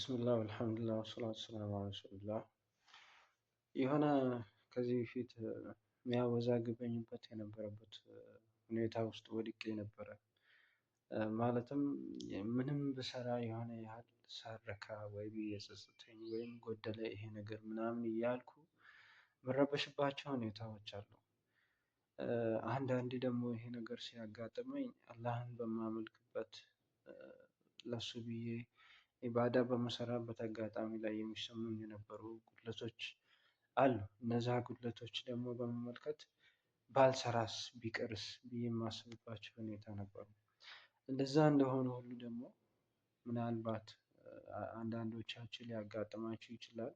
ብስምላህ አልሐምዱሊላህ ወሰላቱ ሰላም ዐላ የሆነ ከዚህ በፊት የሚያወዛግበኝበት የነበረበት ሁኔታ ውስጥ ወድቄ ነበረ። ማለትም ምንም ብሰራ የሆነ ያህል ሳረካ ወይም የጸጸተኝ ወይም ጎደለ ይሄ ነገር ምናምን እያልኩ መረበሽባቸው ሁኔታዎች አሉ። አንዳንዴ ደግሞ ይሄ ነገር ሲያጋጥመኝ አላህን በማመልክበት ለሱ ብዬ ኢባዳ በመሰራበት አጋጣሚ ላይ የሚሰሙኝ የነበሩ ጉድለቶች አሉ። እነዛ ጉድለቶች ደግሞ በመመልከት ባልሰራስ ቢቀርስ ብዬ የማስብባቸው ሁኔታ ነበሩ። እንደዛ እንደሆነ ሁሉ ደግሞ ምናልባት አንዳንዶቻችን ሊያጋጥማችሁ ይችላል።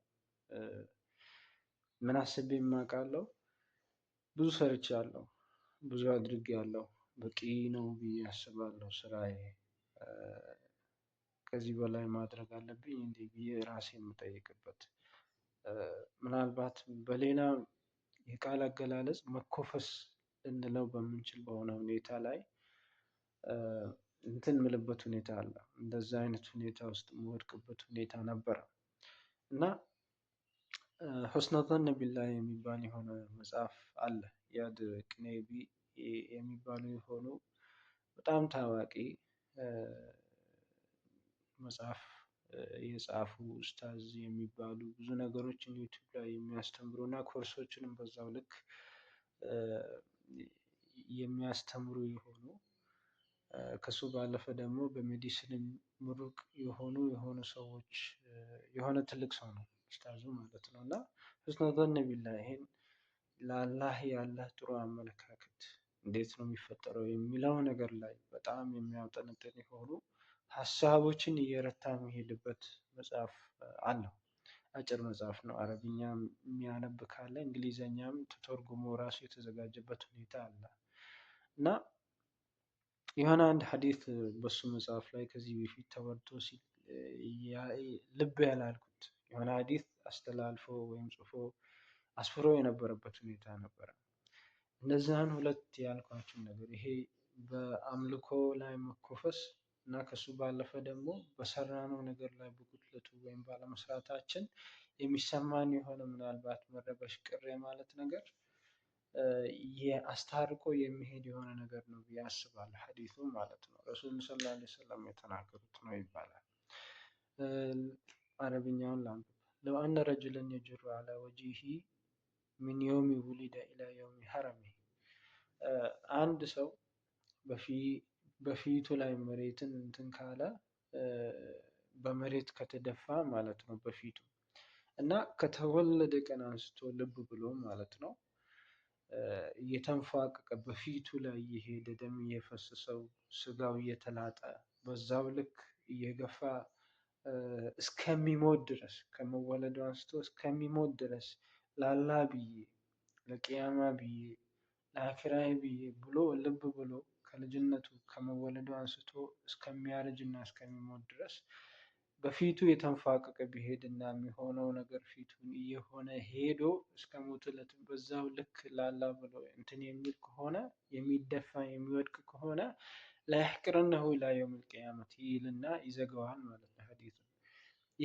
ምን አስቤ የማውቃለሁ? ብዙ ሰርቻለሁ፣ ብዙ አድርጌያለሁ፣ በቂ ነው ብዬ አስባለሁ ስራዬ ከዚህ በላይ ማድረግ አለብኝ እንዴ ብዬ ራሴ የምጠይቅበት ምናልባት በሌላ የቃል አገላለጽ መኮፈስ ልንለው በምንችል በሆነ ሁኔታ ላይ እንትን ምልበት ሁኔታ አለ። እንደዛ አይነት ሁኔታ ውስጥ የምወድቅበት ሁኔታ ነበረ እና ሆስነተን ቢላህ የሚባል የሆነ መጽሐፍ አለ። ያድ ቅኔቢ የሚባሉ የሆኑ በጣም ታዋቂ መጽሐፍ የጻፉ ኡስታዝ የሚባሉ ብዙ ነገሮችን ዩቲዩብ ላይ የሚያስተምሩ እና ኮርሶችንም በዛው ልክ የሚያስተምሩ የሆኑ ከሱ ባለፈ ደግሞ በሜዲሲንም ምሩቅ የሆኑ የሆኑ ሰዎች የሆነ ትልቅ ሰው ነው ኡስታዙ ማለት ነው እና ሑስኑል ቢላ ይሄን ለአላህ ያለህ ጥሩ አመለካከት እንዴት ነው የሚፈጠረው የሚለው ነገር ላይ በጣም የሚያውጠነጥን የሆኑ ሀሳቦችን እየረታ የሚሄድበት መጽሐፍ አለው። አጭር መጽሐፍ ነው። አረብኛ የሚያነብ ካለ እንግሊዘኛም ተተርጉሞ ራሱ የተዘጋጀበት ሁኔታ አለ እና የሆነ አንድ ሀዲት በሱ መጽሐፍ ላይ ከዚህ በፊት ተወርቶ ልብ ያላልኩት የሆነ ሀዲት አስተላልፎ ወይም ጽፎ አስፍሮ የነበረበት ሁኔታ ነበረ። እነዚህን ሁለት ያልኳችሁ ነገር ይሄ በአምልኮ ላይ መኮፈስ እና ከሱ ባለፈ ደግሞ በሰራነው ነገር ላይ በጉድለቱ ወይም ባለመስራታችን የሚሰማን የሆነ ምናልባት መረበሽ፣ ቅር የማለት ነገር አስታርቆ የሚሄድ የሆነ ነገር ነው ብዬ አስባለሁ። ሀዲሱ ማለት ነው ረሱል ሰለላሁ ዐለይሂ ወሰለም የተናገሩት ነው ይባላል። አረብኛውን ላንብብ። ለው አነ ረጅለን የጅሩ አላ ወጂሂ ሚን የውሚ ውሊደ ኢላ የውሚ ሀረሚ አንድ ሰው በፊ በፊቱ ላይ መሬትን እንትን ካለ በመሬት ከተደፋ ማለት ነው በፊቱ እና ከተወለደ ቀን አንስቶ ልብ ብሎ ማለት ነው እየተንፏቀቀ በፊቱ ላይ እየሄደ ደም እየፈሰሰው ስጋው እየተላጠ በዛው ልክ እየገፋ እስከሚሞት ድረስ ከመወለዱ አንስቶ እስከሚሞት ድረስ ላላ ብዬ ለቅያማ ብዬ ለአኪራይ ብዬ ብሎ ልብ ብሎ ከልጅነቱ ከመወለዱ አንስቶ እስከሚያረጅ እና እስከሚሞት ድረስ በፊቱ የተንፋቀቀ ቢሄድ እና የሚሆነው ነገር ፊቱን እየሆነ ሄዶ እስከ ሞት በዛው ልክ ላላ ብሎ እንትን የሚል ከሆነ የሚደፋ የሚወድቅ ከሆነ ላያሕቅረነሁ ኢላ የውሚል ቂያመት ይልና ይዘገዋል ማለት ነው ሀዲቱ።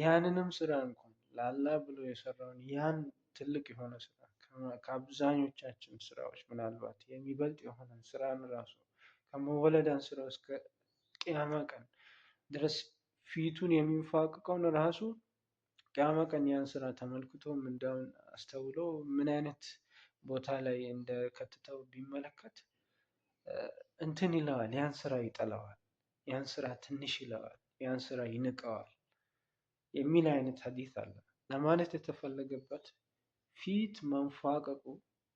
ያንንም ስራ እንኳን ላላ ብሎ የሰራውን ያን ትልቅ የሆነ ስራ ከአብዛኞቻችን ስራዎች ምናልባት የሚበልጥ የሆነ ስራን ራሱ ከመወለድ ከመወለድ እስከ ቅያማ ቀን ድረስ ፊቱን የሚፋቅቀውን ራሱ ቅያማ ቀን ያን ስራ ተመልክቶ ምንዳውን አስተውሎ ምን አይነት ቦታ ላይ እንደከትተው ቢመለከት እንትን ይለዋል። ያን ስራ ይጠለዋል? ያን ስራ ትንሽ ይለዋል፣ ያን ስራ ይንቀዋል የሚል አይነት ሀዲት አለ። ለማለት የተፈለገበት ፊት መንፋቀቁ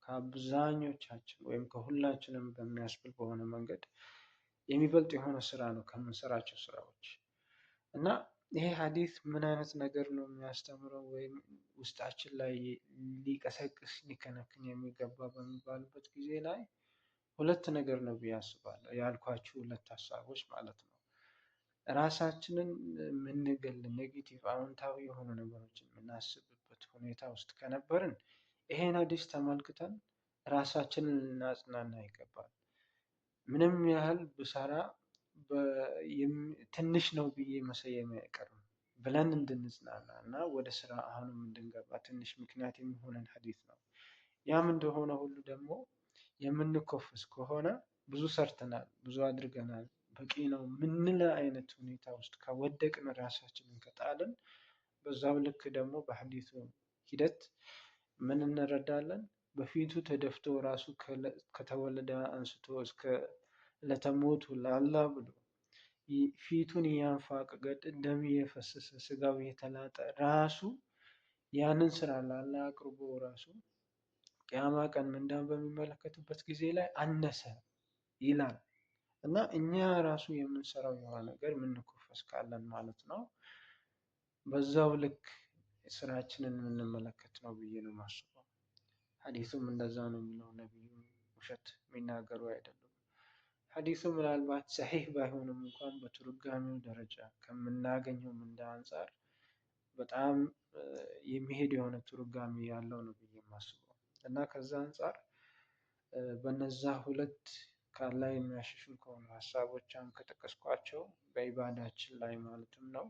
ከአብዛኞቻችን ወይም ከሁላችንም በሚያስብል በሆነ መንገድ የሚበልጥ የሆነ ስራ ነው ከምንሰራቸው ስራዎች እና ይሄ ሀዲት ምን አይነት ነገር ነው የሚያስተምረው ወይም ውስጣችን ላይ ሊቀሰቅስ ሊከነክን የሚገባ በሚባልበት ጊዜ ላይ ሁለት ነገር ነው ብዬ አስባለሁ። ያልኳችሁ ሁለት ሀሳቦች ማለት ነው። ራሳችንን የምንገል ኔጌቲቭ፣ አዎንታዊ የሆኑ ነገሮችን የምናስብበት ሁኔታ ውስጥ ከነበርን ይሄን ሀዲስ ተመልክተን ራሳችንን ልናጽናና ይገባል። ምንም ያህል ብሰራ ትንሽ ነው ብዬ መሰየም አይቀርም ብለን እንድንጽናና እና ወደ ስራ አሁንም እንድንገባ ትንሽ ምክንያት የሚሆነን ሀዲስ ነው። ያም እንደሆነ ሁሉ ደግሞ የምንኮፍስ ከሆነ ብዙ ሰርተናል፣ ብዙ አድርገናል፣ በቂ ነው ምንለ አይነት ሁኔታ ውስጥ ከወደቅን ራሳችንን ከጣልን በዛው ልክ ደግሞ በሀዲሱ ሂደት ምን እንረዳለን? በፊቱ ተደፍቶ ራሱ ከተወለደ አንስቶ እስከ ለተሞቱ ላላ ብሎ ፊቱን እያንፋቅ ገድ ደም የፈሰሰ ስጋው የተላጠ ራሱ ያንን ስራ ላላ አቅርቦ ራሱ ቅያማ ቀን ምንዳን በሚመለከትበት ጊዜ ላይ አነሰ ይላል እና እኛ ራሱ የምንሰራው የሆነ ነገር የምንኮፈስ ካለን ማለት ነው። በዛው ልክ ስራችንን የምንመለከት ነው ብዬ ነው የማስበው። ሀዲሱም እንደዛ ነው የሚለው ነቢዩ ውሸት የሚናገሩ አይደሉም። ሀዲሱ ምናልባት ሰሒህ ባይሆንም እንኳን በትርጓሜው ደረጃ ከምናገኘው ምንዳ አንጻር በጣም የሚሄድ የሆነ ትርጓሜ ያለው ነው ብዬ የማስበው እና ከዛ አንጻር በነዛ ሁለት ከአላህ የሚያሸሹ ከሆኑ ሀሳቦች አሁን ከጠቀስኳቸው በኢባዳችን ላይ ማለትም ነው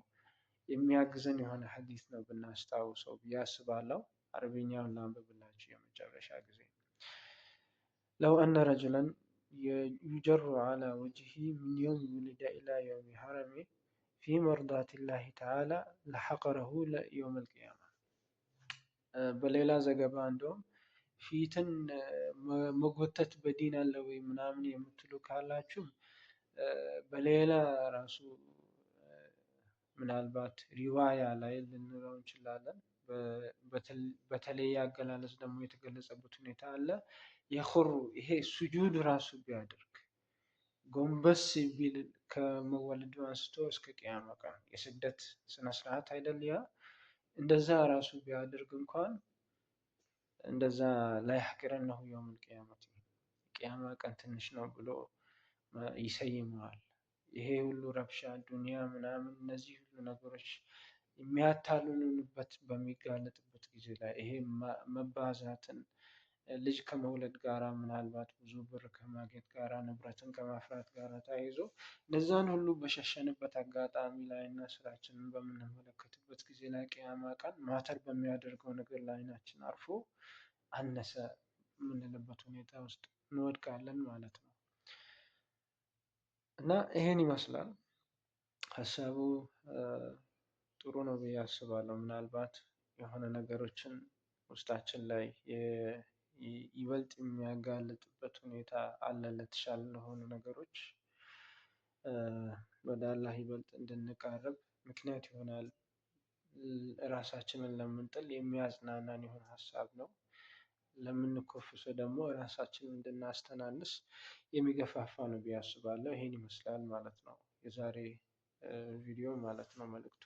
የሚያግዘን የሆነ ሐዲስ ነው ብናስታውሰው ብዬ አስባለሁ። አረብኛውን ላንብብላችሁ የመጨረሻ ጊዜ ለው አነ ረጅለን ዩጀሩ አላ ወጅሂ ምን የውም ውልደ ኢላ የውም ሐረሜ ፊ መርዳት ላህ ተዓላ ለሐቀረሁ ለየውም ልቅያማ። በሌላ ዘገባ እንደውም ፊትን መጎተት በዲን አለ ወይ ምናምን የምትሉ ካላችሁ በሌላ ራሱ ምናልባት ሪዋያ ላይ ልንለው እንችላለን። በተለየ አገላለጽ ደግሞ የተገለጸበት ሁኔታ አለ። የኹሩ ይሄ ሱጁድ ራሱ ቢያደርግ ጎንበስ ቢል ከመወለዱ አንስቶ እስከ ቅያማ ቀን የስግደት ስነስርዓት አይደል? ያ እንደዛ ራሱ ቢያደርግ እንኳን እንደዛ ላይ ሐቂረነሁ ነው ቅያመት ቅያማ ቀን ትንሽ ነው ብሎ ይሰይመዋል። ይሄ ሁሉ ረብሻ ዱንያ ምናምን እነዚህ ሁሉ ነገሮች የሚያታልሉንበት በሚጋለጥበት ጊዜ ላይ ይሄ መባዛትን ልጅ ከመውለድ ጋራ ምናልባት ብዙ ብር ከማግኘት ጋራ ንብረትን ከማፍራት ጋራ ተያይዞ እነዛን ሁሉ በሸሸንበት አጋጣሚ ላይ እና ስራችንን በምንመለከትበት ጊዜ ላይ ቅያማ ቀን ማተር በሚያደርገው ነገር ላይ አይናችን አርፎ አነሰ የምንልበት ሁኔታ ውስጥ እንወድቃለን ማለት ነው። እና ይሄን ይመስላል ሀሳቡ ጥሩ ነው ብዬ አስባለሁ። ምናልባት የሆነ ነገሮችን ውስጣችን ላይ ይበልጥ የሚያጋልጥበት ሁኔታ አለ። ለተሻለ ለሆኑ ነገሮች ወደ አላህ ይበልጥ እንድንቃረብ ምክንያት ይሆናል። ራሳችንን ለምንጥል የሚያጽናናን የሆነ ሀሳብ ነው። ለምንኮፍሶ ደግሞ ራሳችን እንድናስተናንስ የሚገፋፋ ነው ብዬ አስባለሁ። ይህን ይመስላል ማለት ነው የዛሬ ቪዲዮ ማለት ነው መልእክቱ።